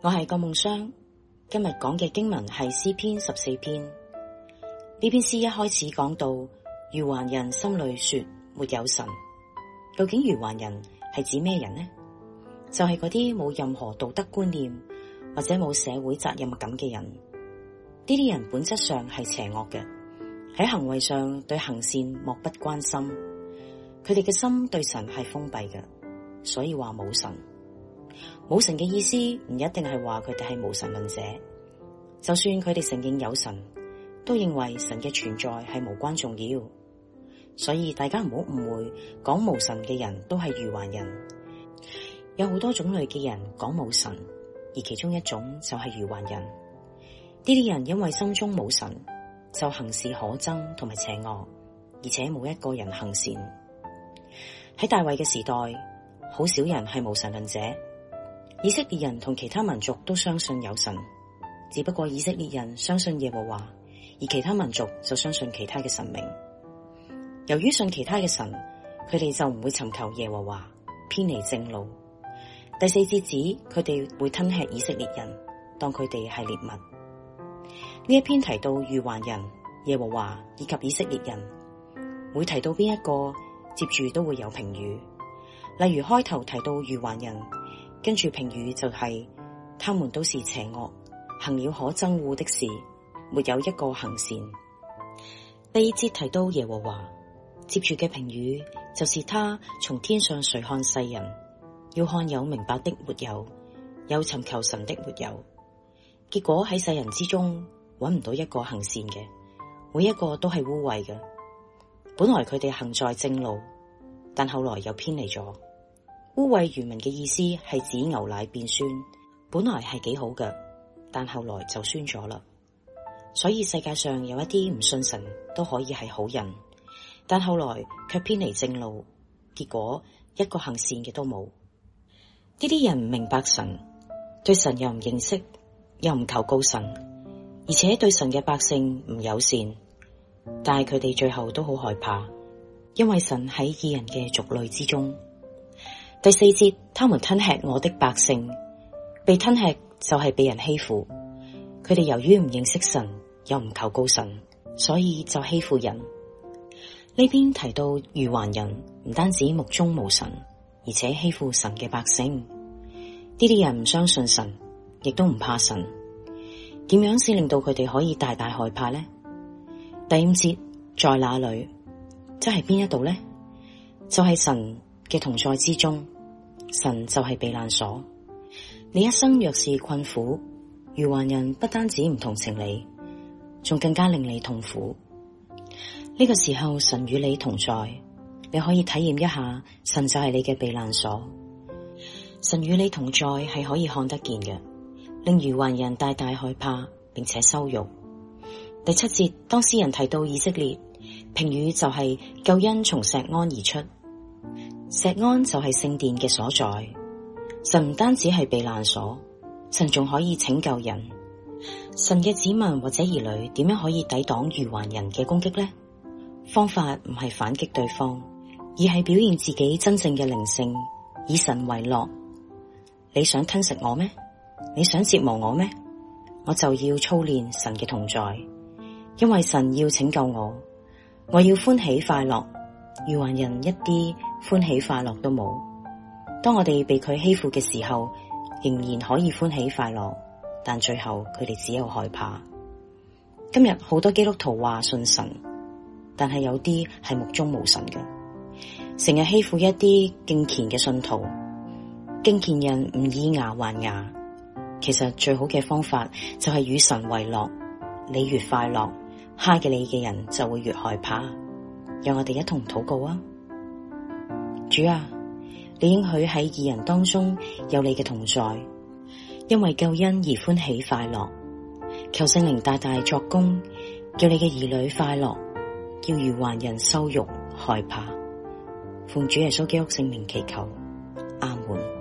我係郭夢雙，今日講嘅經文係詩篇十四篇。呢篇詩一開始講到，愚頑人心裏說沒有神。究竟愚頑人係指咩人呢？就係嗰啲冇任何道德觀念或者冇社會責任感嘅人。呢啲人本質上係邪惡嘅，喺行為上對行善漠不關心，佢哋嘅心對神係封閉嘅，所以話冇神。無神嘅意思唔一定係話佢哋係無神論者，就算佢哋承認有神，都認為神嘅存在係無關重要。所以大家唔好誤會，講無神嘅人都係愚頑人。有好多種類嘅人講無神，而其中一種就係愚頑人。呢啲人因為心中冇神，就行事可憎同埋邪惡，而且冇一個人行善。喺大衛嘅時代，好少人係無神論者。以色列人同其他民族都相信有神，只不過以色列人相信耶和華，而其他民族就相信其他嘅神明。由於信其他嘅神，佢哋就唔會尋求耶和華，偏離正路。第四節指佢哋會吞吃以色列人，當佢哋係獵物。呢一篇提到愚頑人、耶和華以及以色列人，每提到邊一個，接住都會有評語。例如開頭提到愚頑人。跟住評語就係、是，他們都是邪惡，行了可憎惡的事，沒有一個行善。第二節提到耶和華，接住嘅評語就是他從天上垂看世人，要看有明白的沒有，有尋求神的沒有。結果喺世人之中揾唔到一個行善嘅，每一個都係污穢嘅。本來佢哋行在正路，但後來又偏離咗。污穢愚民嘅意思係指牛奶變酸，本來係幾好嘅，但後來就酸咗啦。所以世界上有一啲唔信神都可以係好人，但後來卻偏離正路，結果一個行善嘅都冇。呢啲人唔明白神，對神又唔認識，又唔求告神，而且對神嘅百姓唔友善，但係佢哋最後都好害怕，因為神喺義人嘅族類之中。第四節，他們吞吃我的百姓，被吞吃就係被人欺負。佢哋由於唔認識神，又唔求告神，所以就欺負人。呢邊提到愚頑人，唔單止目中無神，而且欺負神嘅百姓。呢啲人唔相信神，亦都唔怕神。點樣先令到佢哋可以大大害怕呢？第五節，在那裡、就是、哪裏？即係邊一度呢？就係、是、神嘅同在之中。神就係避難所，你一生若是困苦，愚頑人不單止唔同情你，仲更加令你痛苦。呢、這個時候，神與你同在，你可以體驗一下，神就係你嘅避難所。神與你同在係可以看得見嘅，令愚頑人大大害怕，並且羞辱。第七節，當事人提到以色列，評語就係救恩從錫安而出。錫安就係聖殿嘅所在，神唔單止係避難所，神仲可以拯救人。神嘅子民或者兒女點樣可以抵擋愚頑人嘅攻擊呢？方法唔係反擊對方，而係表現自己真正嘅靈性，以神為樂。你想吞食我咩？你想折磨我咩？我就要操練神嘅同在，因為神要拯救我，我要歡喜快樂。愚頑人一啲。歡喜快樂都冇，當我哋被佢欺負嘅時候，仍然可以歡喜快樂，但最後佢哋只有害怕。今日好多基督徒話信神，但係有啲係目中無神嘅，成日欺負一啲敬虔嘅信徒。敬虔人唔以牙還牙，其實最好嘅方法就係與神為樂。你越快樂，嚇嘅你嘅人就會越害怕。讓我哋一同禱告啊！主啊，你應許喺義人當中有你嘅同在，因為救恩而歡喜快樂。求聖靈大大作工，叫你嘅兒女快樂，叫愚頑人羞辱害怕。奉主耶穌基督聖名祈求，阿門。